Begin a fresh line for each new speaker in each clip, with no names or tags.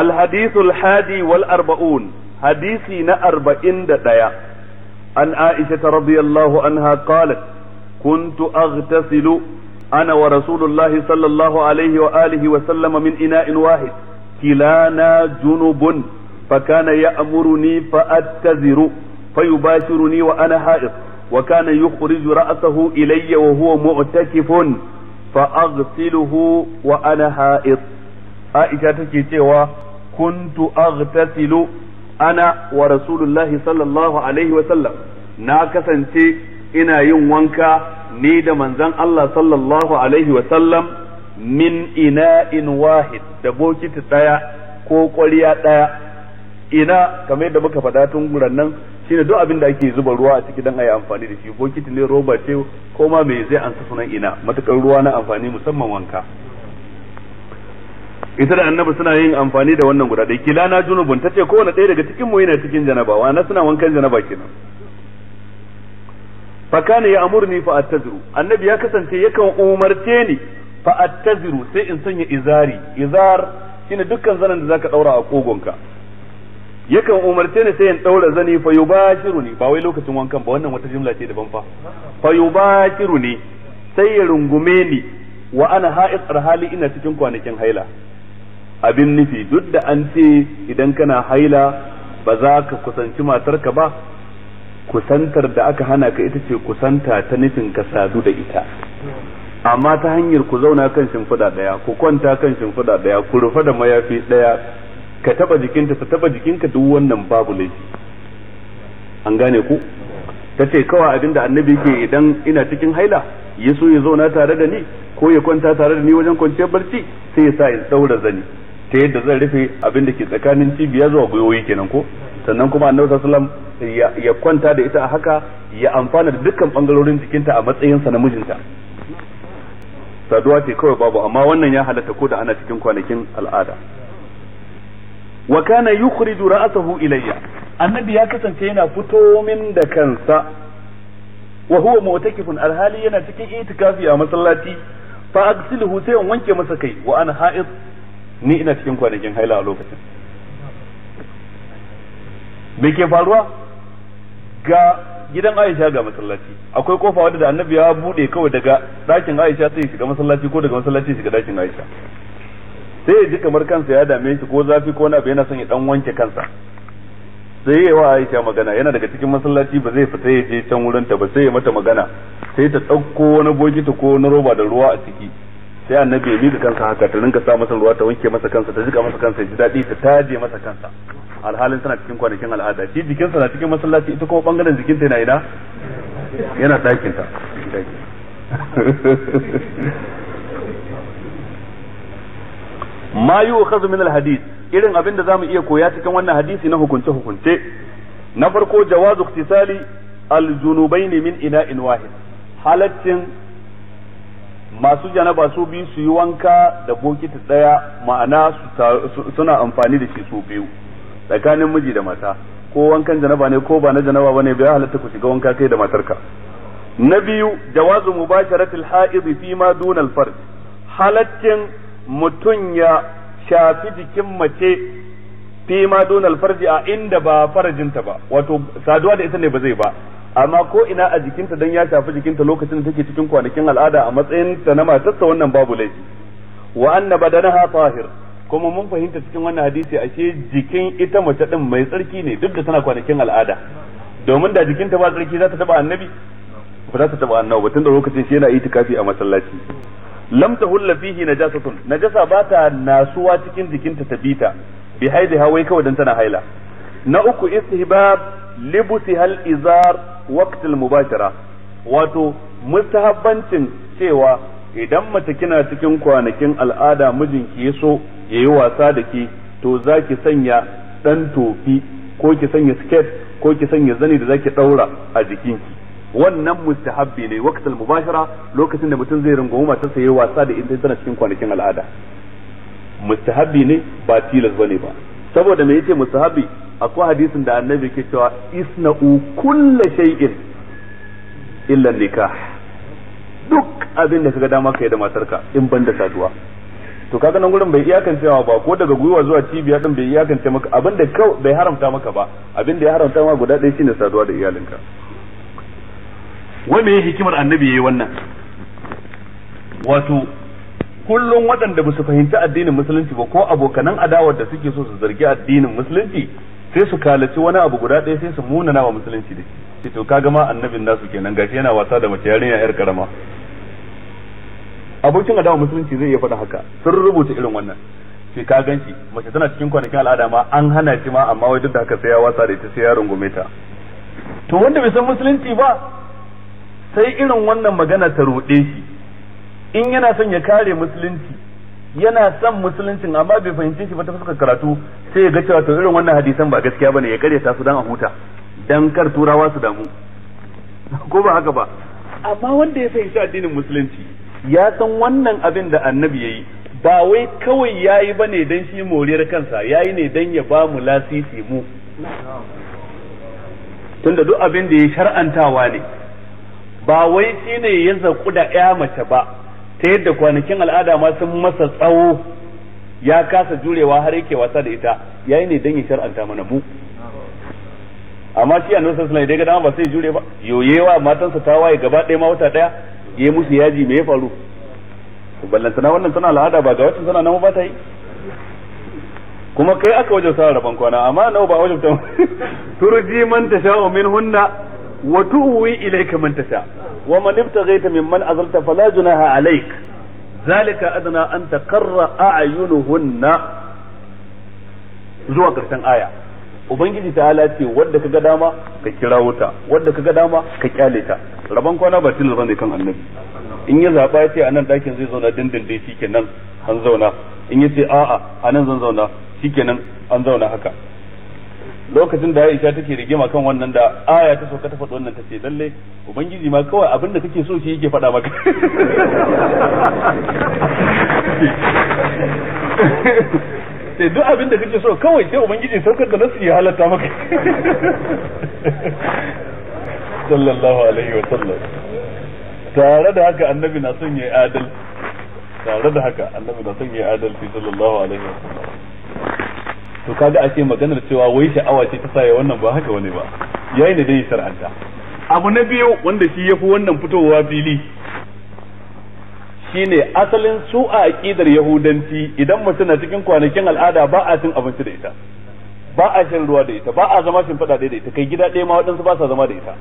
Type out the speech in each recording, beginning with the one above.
الحديث الحادي والأربعون حديثي نأربعين دايا عن عائشة رضي الله عنها قالت كنت أغتسل أنا ورسول الله صلى الله عليه وآله وسلم من إناء واحد كلانا جنب فكان يأمرني فأتذر فيباشرني وأنا حائط وكان يخرج رأسه إلي وهو معتكف فأغسله وأنا حائط Aisha take cewa kuntu aghtasilu ana wa rasulullahi sallallahu alaihi wa sallam na kasance ina yin wanka ni da manzon Allah sallallahu alaihi wa sallam min ina'in wahid da bokiti daya ko ƙwariya daya ina kamar yadda muka faɗa tun guran nan shine duk abin da ake zuba ruwa a ciki dan ayi amfani da shi bokiti ne roba ce ko ma me zai ansa sunan ina matukar ruwa na amfani musamman wanka ita da annabi suna yin amfani da wannan guda ɗaya kila na junubun ta ce kowane ɗaya daga cikin mu yana cikin janaba wa na suna wankan janaba kenan fa kana ya amurni fa attaziru annabi ya kasance yakan umarce ni fa attaziru sai in sanya izari izar shine dukkan zanen da zaka daura a kogonka yakan umarce ni sai in daura zani fa yubashiruni ba wai lokacin wankan ba wannan wata jumla ce daban fa fa yubashiruni sai ya rungume ni wa ana ha'is hali ina cikin kwanakin haila abin nufi duk da an ce idan kana haila ba za ka kusanci matarka ba kusantar da aka hana ka ita ce kusanta ta nufin ka sadu da ita amma ta hanyar ku zauna kan shimfiɗa ɗaya ku kwanta kan shimfiɗa ɗaya ku rufe da mayafi ɗaya ka taba jikinta ta taba jikinka duk wannan babu laifi an gane ku ta ce kawai abinda annabi ke idan ina cikin haila ya so ya zauna tare da ni ko ya kwanta tare da ni wajen kwanciyar barci sai ya sa in tsaura zani ta yadda zan rufe abin da ke tsakanin cibiyar zuwa gwiwoyi kenan ko sannan kuma annabi sallallahu alaihi wasallam ya kwanta da ita a haka ya amfana da dukkan bangarorin jikinta a matsayin sa na mijinta saduwa ce kawai babu amma wannan ya halatta ko da ana cikin kwanakin al'ada wa kana yukhriju ra'sahu ilayya annabi ya kasance yana fito min da kansa wa huwa mu'takifun alhali yana cikin itikafi a masallaci fa aghsilhu sai wanke masa kai wa ana ha'id ni ina cikin kwanakin haila a lokacin me ke faruwa ga gidan Aisha ga masallaci akwai kofa wadda da annabi ya bude kawai daga dakin Aisha sai shiga masallaci ko daga masallaci shiga dakin Aisha sai ya ji kamar kansa ya dame shi ko zafi ko wani abu yana son ya dan wanke kansa sai ya wa Aisha magana yana daga cikin masallaci ba zai fita ya je can wurin ta ba sai ya mata magana sai ta dauko wani bokiti ko na roba da ruwa a ciki sai annabi ya miƙa kansa haka ta rinka sa masa ruwa ta wanke masa kansa ta jika masa kansa ji daɗi ta taje masa kansa alhalin tana cikin kwanakin al'ada shi jikinsa na cikin masallaci ita kuma bangaren jikinta yana ina yana ɗakin ta ma yu'khadhu min al-hadith irin abin da zamu iya koya cikin wannan hadisi na hukunce hukunce na farko jawazu iktisali al-junubaini min ina'in wahid halaccin masu janaba su biyu su yi wanka da bokiti daya ma'ana suna amfani da shi su biyu tsakanin miji da mata ko wankan janaba ne ko ba na janaba ba ne, bai halatta ku shiga wanka kai da matarka na biyu jawazu mubasharatil ha'id fi ma dunal farj halattin mutun ya shafi jikin mace fi ma dunal farji a inda ba farajinta ba wato saduwa da ita ne ba zai ba amma ko ina a jikinta dan ya shafi jikinta lokacin da take cikin kwanakin al'ada a matsayin ta na matarsa wannan babu laifi wa anna badanaha tahir kuma mun fahimta cikin wannan hadisi ashe jikin ita mace din mai tsarki ne duk da tana kwanakin al'ada domin da jikinta ba tsarki za ta taba annabi ba za ta taba annabi tun da lokacin shi yana itikafi a masallaci lam tahulla fihi najasatun najasa ba ta nasuwa cikin jikinta bita bi haidi hawai kawai dan tana haila na uku istihbab libusi hal izar waqtul mubashara wato mustahabbancin cewa idan mace kina cikin kwanakin al'ada mijinki ya so yayi wasa da ki to zaki sanya dan tofi ko ki sanya skirt ko ki sanya zani da zaki daura a jikinki wannan mustahabbi ne waqtul mubashara lokacin da mutum zai rungumi matarsa yayi wasa da ita tana cikin kwanakin al'ada mustahabbi ne ba tilas bane ba saboda me yace mustahabbi akwai hadisin da annabi ke cewa isna'u kulla shay'in illa nikah duk abin da kaga dama kai da matarka in ban da saduwa to kaga nan gurin bai iyakancewa ba ko daga gwiwa zuwa cibiya din bai iyakance maka abin da bai haramta maka ba abin da ya haramta maka guda ɗaya shine saduwa da iyalinka wai me hikimar annabi yayi wannan wato kullum waɗanda ba su fahimci addinin musulunci ba ko abokanan adawar da suke so su zargi addinin musulunci sai su kalaci wani abu guda ɗaya sai su munana wa musulunci da shi to kaga ma annabin nasu kenan gashi yana wasa da mace yarinya yar karama abokin adawa musulunci zai iya faɗa haka sun rubuta irin wannan sai ka ganci mace tana cikin kwanakin al'ada ma an hana shi ma amma wai duk da haka sai ya wasa da ita sai ya rungume ta to wanda bai san musulunci ba sai irin wannan magana ta roɗe shi in yana son ya kare musulunci yana son musuluncin amma bai fahimci shi ba ta fuskar karatu sai ya ga cewa to irin wannan hadisan ba gaskiya bane ya karyata su dan a huta dan kar turawa su damu ko ba haka ba amma wanda ya fahimci addinin musulunci ya san wannan abin da annabi yayi ba wai kawai yayi bane dan shi moriyar kansa yayi ne dan ya ba mu lasisi mu tunda duk abin da ya shar'antawa ne ba wai shine ya zaku da ya mace ba ta yadda kwanakin al'ada ma sun masa tsawo ya kasa jurewa har yake wasa da ita yayi ne dan ya shar'anta mana mu amma shi annabi sallallahu alaihi wasallam dai ga dama ba sai jure ba yoyewa matansa ta waye gaba ɗaya ma wata ɗaya yayi musu yaji me ya faru sana wannan tana al'ada ba ga watan na nan ba ta yi kuma kai aka wajen sa rabon kwana amma nawa ba wajen tan turji man min hunna wa tu'wi ilayka man sha. wa man ibtaghaita mimman azalta fala junaha alayk zalika adna an taqarra a'yunuhunna zuwa karshen aya ubangiji ta ala ce wanda kaga dama ka kira wuta wanda kaga dama ka kyale ta rabon kwana ba tilas bane kan annabi in ya zaba ya ce anan nan dakin zai zauna dai shikenan an zauna in ya ce a'a anan zan zauna shikenan an zauna haka lokacin da Aisha take rigima kan wannan da aya ta sauka ta faɗi wannan tace lalle ubangiji ma kawai abin da kake so shi yake faɗa maka sai duk abin da kake so kawai sai ubangiji saukar da nasu ya halatta maka sallallahu alaihi wa sallam tare da haka annabi na son yayi adalci tare da haka annabi na son yayi adalci sallallahu alaihi wa sallam to kaga a ce maganar cewa wai sha'awa ce ta saye wannan ba haka wani ba yayin da dai shar'anta abu na biyu wanda shi yafi wannan fitowa fili shine asalin su a aqidar yahudanci idan mutum na cikin kwanakin al'ada ba a cin abinci da ita ba a shan ruwa da ita ba a zama shin fada da ita kai gida ɗaya ma waɗansu ba sa zama da ita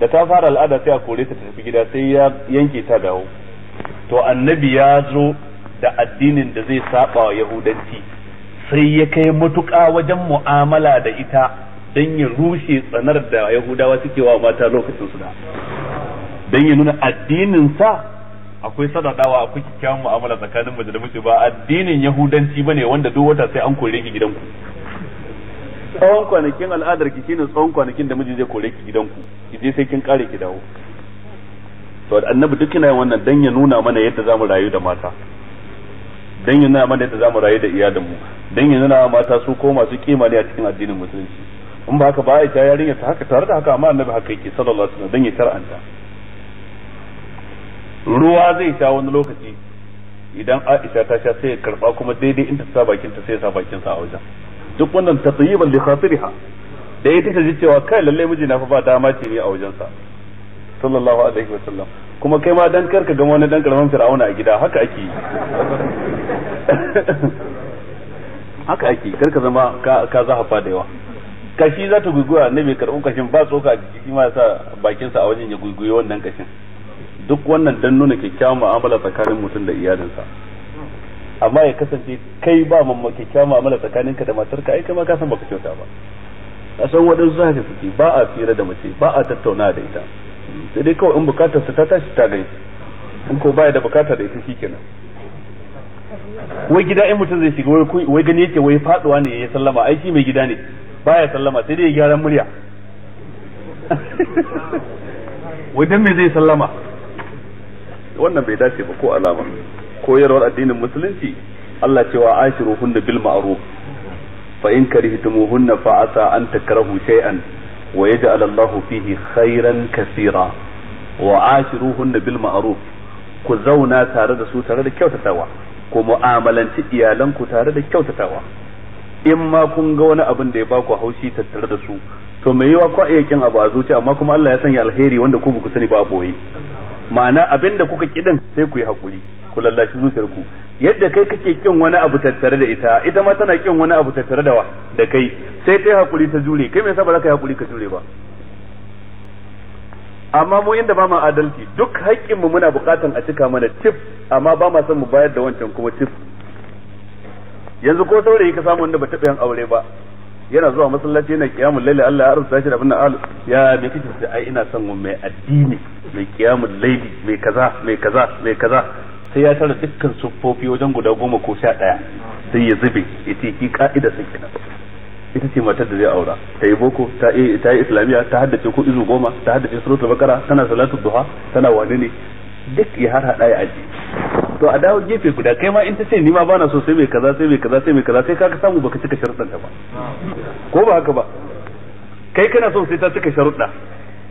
da ta fara al'ada sai a kore ta tafi gida sai ya yanke ta dawo to annabi ya zo da addinin da zai saba wa yahudanci sai ya kai matuƙa wajen mu'amala da ita don ya rushe tsanar da yahudawa suke wa mata lokacin suna da don ya nuna addinin sa akwai sadadawa akwai kyakkyawan mu'amala tsakanin mace da mace ba addinin yahudanci bane wanda duk wata sai an kore ki gidanku tsawon kwanakin al'adar ki shine tsawon kwanakin da miji zai kore ki gidanku ki je sai kin kare ki dawo to annabi duk yana wannan dan ya nuna mana yadda zamu rayu da mata dan ya nuna mana yadda zamu rayu da iyalanmu dan yanzu na mata su ko masu kima ne a cikin addinin musulunci in ba haka ba a ta yarinya ta haka tare da haka amma annabi haka yake sallallahu alaihi wasallam dan ya tar'anta ruwa zai sha wani lokaci idan Aisha ta sha sai ya karba kuma daidai inda ta sa bakin ta sai ya sa bakin sa a wajen duk wannan tatyiban li khatiriha da ita ta ji cewa kai lalle miji na fa ba dama ce ne a sa sallallahu alaihi wasallam kuma kai ma dan karka ga wani dan karaman fir'auna a gida haka ake yi haka ake kar ka zama ka zahafa da yawa kashi za ta guguwa na mai karɓar kashin ba tsoka a jiki shi ma ya sa bakinsa a wajen ya guguye wannan kashin duk wannan dan nuna kyakkyawan mu'amala tsakanin mutum da iyalinsa amma ya kasance kai ba mamma kyakkyawan mu'amala tsakaninka da matarka ai kai ma ka san baka kyauta ba a san waɗansu haka suke ba a fira da mace ba a tattauna da ita sai dai kawai in bukatarsa ta tashi ta gaishe in ko baya da bukata da ita shikenan wai gida in mutum zai shiga wai gani yake wai faduwa ne ya sallama aiki mai gida ne baya sallama sai dai ya gyaran murya wai dan me zai sallama wannan bai dace ba ko alama koyarwar addinin musulunci Allah cewa ashiruhunna bil ma'ruf fa in karihtumuhunna fa asa an takrahu shay'an wa yaj'al Allahu fihi khairan kaseera wa ashiruhunna bil ma'ruf ku zauna tare da su tare da kyautatawa ku mu'amalanci iyalanku tare da kyautatawa in ma kun ga wani abin da ya ba ku haushi tattare da su to mai yiwa ko iya abu a zuciya amma kuma Allah ya sanya alheri wanda ku ba ku sani ba a boye ma'ana abin da kuka kidan sai ku yi hakuri ku lallashi zuciyar ku yadda kai kake kin wani abu tattare da ita ita ma tana kin wani abu tattare da wa da kai sai kai hakuri ta jure kai me yasa ba za ka yi hakuri ka jure ba amma mu inda ba mu adalci duk haƙƙinmu muna buƙatan a cika mana tif amma ba ma son mu bayar da wancan kuma tif yanzu ko saurayi ka samu wanda ba taɓa yin aure ba yana zuwa masallaci yana kiyamun laili Allah ya arzuta shi da abin al ya me kike sai ai ina son mai addini mai kiyamun laili mai kaza mai kaza mai kaza sai ya tara dukkan siffofi wajen guda goma ko sha daya sai ya zube ya ce ki ka'ida sun kina ita ce matar da zai aura ta yi boko ta yi islamiyya ta haddace ko izu goma ta haddace suratul bakara tana salatu duha tana wani ne duk ya har hada ya aji to a dawo gefe guda kai ma in ta ce ni ma bana so sai mai kaza sai mai kaza sai mai kaza sai ka samu baka cika sharuɗan ba ko ba haka ba kai kana so sai ta cika sharuɗa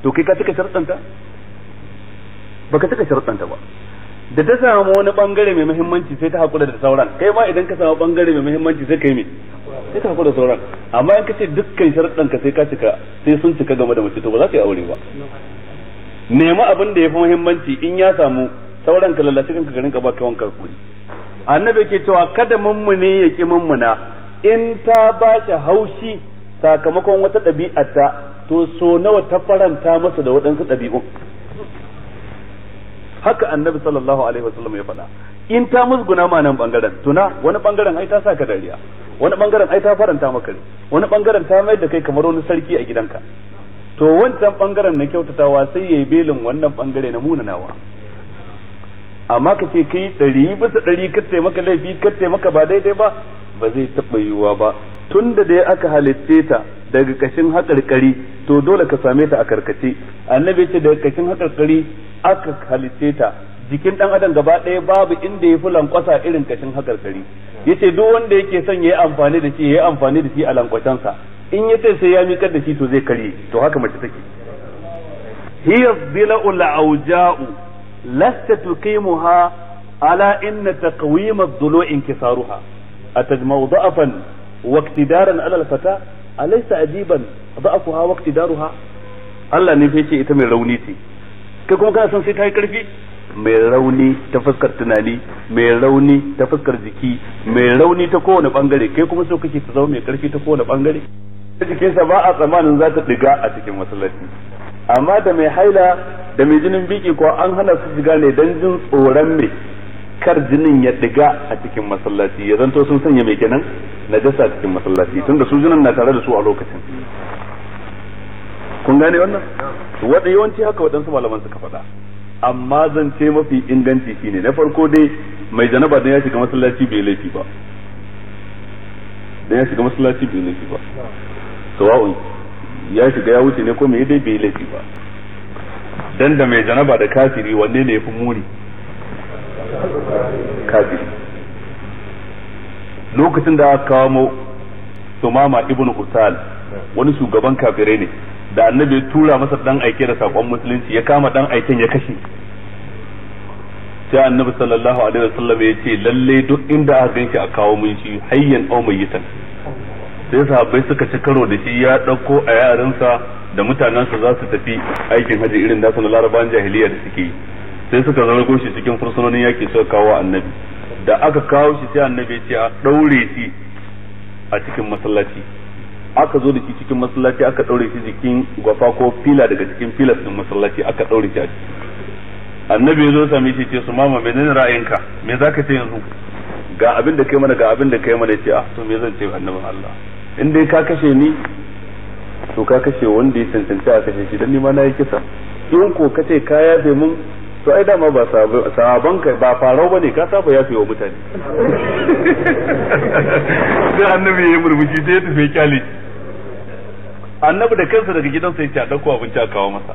to kai ka cika sharuɗan ta baka cika sharuɗan ta ba da ta samu wani bangare mai muhimmanci sai ta hakura da sauran kai ma idan ka samu bangare mai muhimmanci sai kai me sai ka hakura da sauran amma in ka ce dukkan sharuɗan ka sai ka cika sai sun cika game da mace to ba za ka yi aure ba nema abin da ya fi muhimmanci in ya samu sauran ka lallace kanka garin ka baka wanka kuri annabi ke cewa kada mummune ya ki mummuna in ta ba shi haushi sakamakon wata ɗabi'arta to so nawa ta faranta masa da waɗansu ɗabi'un haka annabi sallallahu alaihi wasallam ya faɗa in ta musguna ma nan bangaren tuna wani bangaren ai ta sa ka dariya wani bangaren ai ta faranta maka ne wani bangaren ta mai da kai kamar wani sarki a gidanka to wancan bangaren na kyautatawa sai yayi belin wannan bangare na munanawa amma ka ce kai ɗari bisa ɗari ka taimaka laifi ka taimaka ba daidai ba ba zai taɓa yiwuwa ba tun da dai aka halitte ta daga kashin haƙarƙari to dole ka same ta a karkace annabi ce daga kashin haƙarƙari aka halitte ta jikin ɗan adam gaba ɗaya babu inda ya fi lankwasa irin kashin haƙarƙari ya ce duk wanda yake son ya yi amfani da shi ya yi amfani da shi a lankwacensa in ya ce sai ya miƙar da shi to zai karye to haka mace take hiya zila'ul auja'u lasta tuqimuha ala inna taqwim ad-dulu inkisaruha atajma'u da'afan wa iktidaran ala al-fata alaysa ajiban da'afuha wa iktidaruha Allah ne fa ce ita mai rauni ce kai kuma kana son sai ta yi karfi mai rauni ta fuskar tunani mai rauni ta fuskar jiki mai rauni ta kowane bangare kai kuma so kake ta zama mai karfi ta kowane bangare jikinsa ba a tsammanin za ta diga a cikin masallaci amma da mai haila da mai jinin biki ko an hana su shiga ne dan jin tsoron me kar jinin ya diga a cikin masallaci ya zanto sun sanya mai kenan najasa a cikin masallaci tunda su jinin na tare da su a lokacin kun gane wannan wadda yawanci haka waɗansu malaman suka faɗa amma ce mafi inganci shine na farko dai mai janaba dan ya shiga masallaci bai laifi ba dan ya shiga masallaci bai laifi ba sawa'un ya shiga ya wuce ne ko me dai bai laifi ba dan da mai janaba da kafiri wanne ne yafi muni kafiri lokacin da aka kawo sumama ibnu usal wani shugaban kafirai ne da annabi ya tura masa dan aike da sakon musulunci ya kama dan aiken ya kashe sai annabi sallallahu alaihi wasallam ya ce lalle duk inda aka ganshi a kawo mun shi hayyan aw mayyitan sai sahabbai suka ci karo da shi ya dauko a yaransa da mutanensa za su tafi aikin haji irin nasu na laraban jahiliya da suke yi sai suka zargo shi cikin fursunonin yaki suka kawo annabi da aka kawo shi sai annabi ya ce a daure shi a cikin masallaci aka zo da shi cikin masallaci aka daure shi jikin gwafa ko fila daga cikin filas cikin masallaci aka daure shi a annabi ya zo sami shi ce su mama menene ra'ayinka me zaka ce yanzu ga abin da kai mana ga abin da kai mana ce ah to me zan ce annabi Allah in dai ka kashe ni to ka kashe wanda ya cancanci a kashe shi dan nima na yi kisa in ko ka ce ka yafe mun to ai dama ba sababan kai ba farau ne ka saba yafe wa mutane sai annabi ya yi murmushi sai ya tafi kyale annabi da kansa daga gidansa ya ce dauko abinci a kawo masa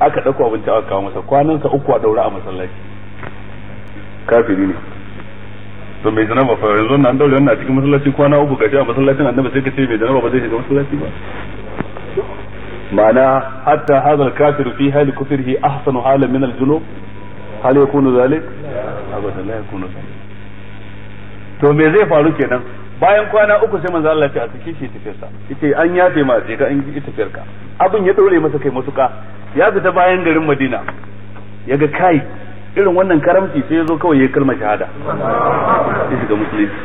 aka dauko abinci a kawo masa kwanan sa uku a daura a masallaci kafiri ne to mai zanaba fa yanzu nan daure wannan a cikin masallaci kwana uku ka a masallacin annabi sai ka ce mai zanaba ba zai shiga masallaci ba ma'ana hatta hadha al-kafir fi hali kufrihi ahsan halan min al-junub hal yakunu zalik abada la yakunu to me zai faru kenan bayan kwana uku sai manzo Allah ya ce a sake shi tafiyarsa yace an yafe ma je ka an yi ka. abin ya daure masa kai masuka ya fita bayan garin Madina ya ga kai irin wannan karamci sai ya zo kawai ya kalma shahada ya shiga musulunci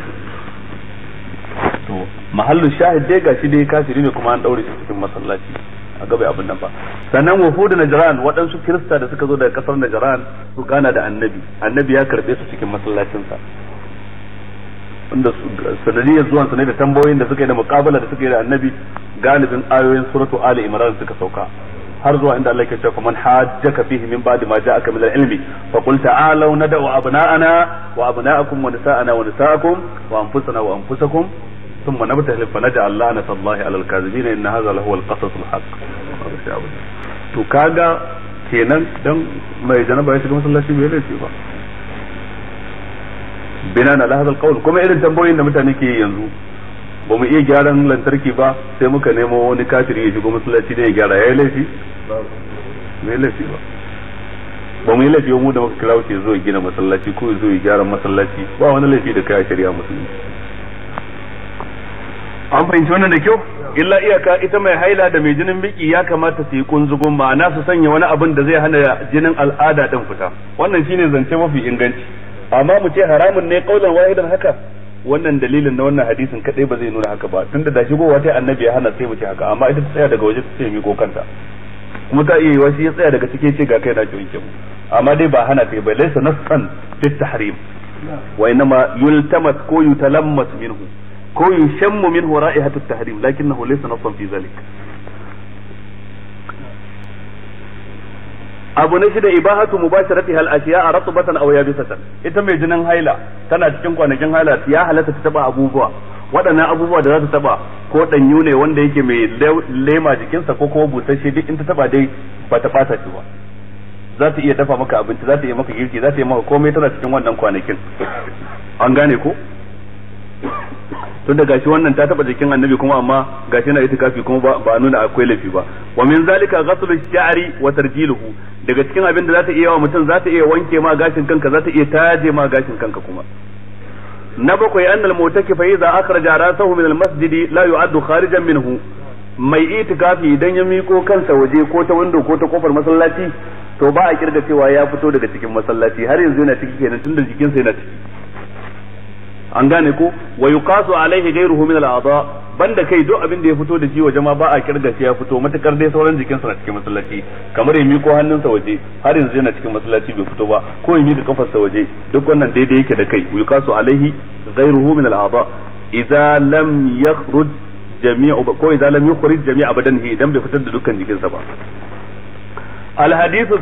to mahallin shahid dai gashi dai kafiri ne kuma an daure shi cikin masallaci a gaba abin nan ba sannan wafu da najran waɗansu kirista da suka zo daga kasar najran su gana da annabi annabi ya karbe su cikin masallacinsa wanda sanadiyar zuwan sa ne da tambayoyin da suka yi da muqabala da suka yi da annabi galibin ayoyin suratu ali imran suka sauka har zuwa inda Allah ke cewa man hajjaka fihi min ba'di ma ja'aka min al-ilmi fa qul ta'alu nad'u abna'ana wa abna'akum wa nisa'ana wa nisa'akum wa anfusana wa anfusakum ثم نبتهل فنجعل لعنة الله على الكاذبين إن هذا لهو القصص الحق to kaga kenan dan mai janaba ya shiga masallaci bai laifi ba bina na lahazal kuma irin tambayoyin da mutane ke yanzu ba mu iya gyaran lantarki ba sai muka nemo wani kafiri ya shiga masallaci ne ya gyara yayi laifi mai laifi ba ba mu yi laifi mu da muka kira ke zuwa gina masallaci ko zuwa yi gyara masallaci ba wani laifi da kai shari'a musulmi an fahimci wannan da kyau illa iyaka ita mai haila da mai jinin biki ya kamata su yi kunzugun ma'ana su sanya wani abin da zai hana jinin al'ada din fita wannan ne zance mafi inganci amma mu ce haramun ne kaulan wahidan haka wannan dalilin na wannan hadisin kadai ba zai nuna haka ba tunda da shigowa ta annabi ya hana sai mu ce haka amma ita ta tsaya daga waje ta ce mi kanta kuma ta iya yiwa shi ya tsaya daga cikin ce ga kai na ki amma dai ba hana kai bai laisa nasqan fit tahrim wa inma yultamas ko yutalammas minhu ko yushammu minhu ra'ihatu tahrim lakinnahu laysa nasqan fi zalik abu na shida ibahatu mubasharati hal ashiya ratbatan aw yabisatan ita mai jinin haila tana cikin kwanakin haila ya halatta ta taba abubuwa waɗannan abubuwa da za ta taba ko danyu ne wanda yake mai lema jikinsa ko kuma busasshe duk in ta taba dai ba ta fata ba za ta iya dafa maka abinci za ta iya maka girki za ta iya maka komai tana cikin wannan kwanakin an gane ko tun da gashi wannan ta taba jikin annabi kuma amma gashi na kafi kuma ba ba nuna akwai lafi ba wa min zalika ghaslu sha'ri wa tarjiluhu daga cikin abin da za ta iya wa mutum za ta iya wanke ma gashin kanka za ta iya taje ma gashin kanka kuma na bakwai annal mutakifa idza akhraja rasahu min masjid la yu'addu kharijan minhu mai itikafi idan ya miko kansa waje ko ta window ko ta kofar masallaci to ba a kirga cewa ya fito daga cikin masallaci har yanzu yana ciki kenan tunda jikinsa yana ciki an gane ko wa yuqasu alaihi ghayruhu min al banda kai duk abin da ya fito da shi wa ma ba a kirga shi ya fito matakar dai sauran jikin sa na cikin masallaci kamar ya miko hannunsa waje har yanzu yana cikin masallaci bai fito ba ko ya mika kafarsa waje duk wannan daidai yake da kai yuqasu alaihi ghayruhu min al-a'dha idza lam yakhruj jami'u ko idza lam yukhrij jami'a badanihi idan bai fitar da dukkan jikinsa ba al-hadithu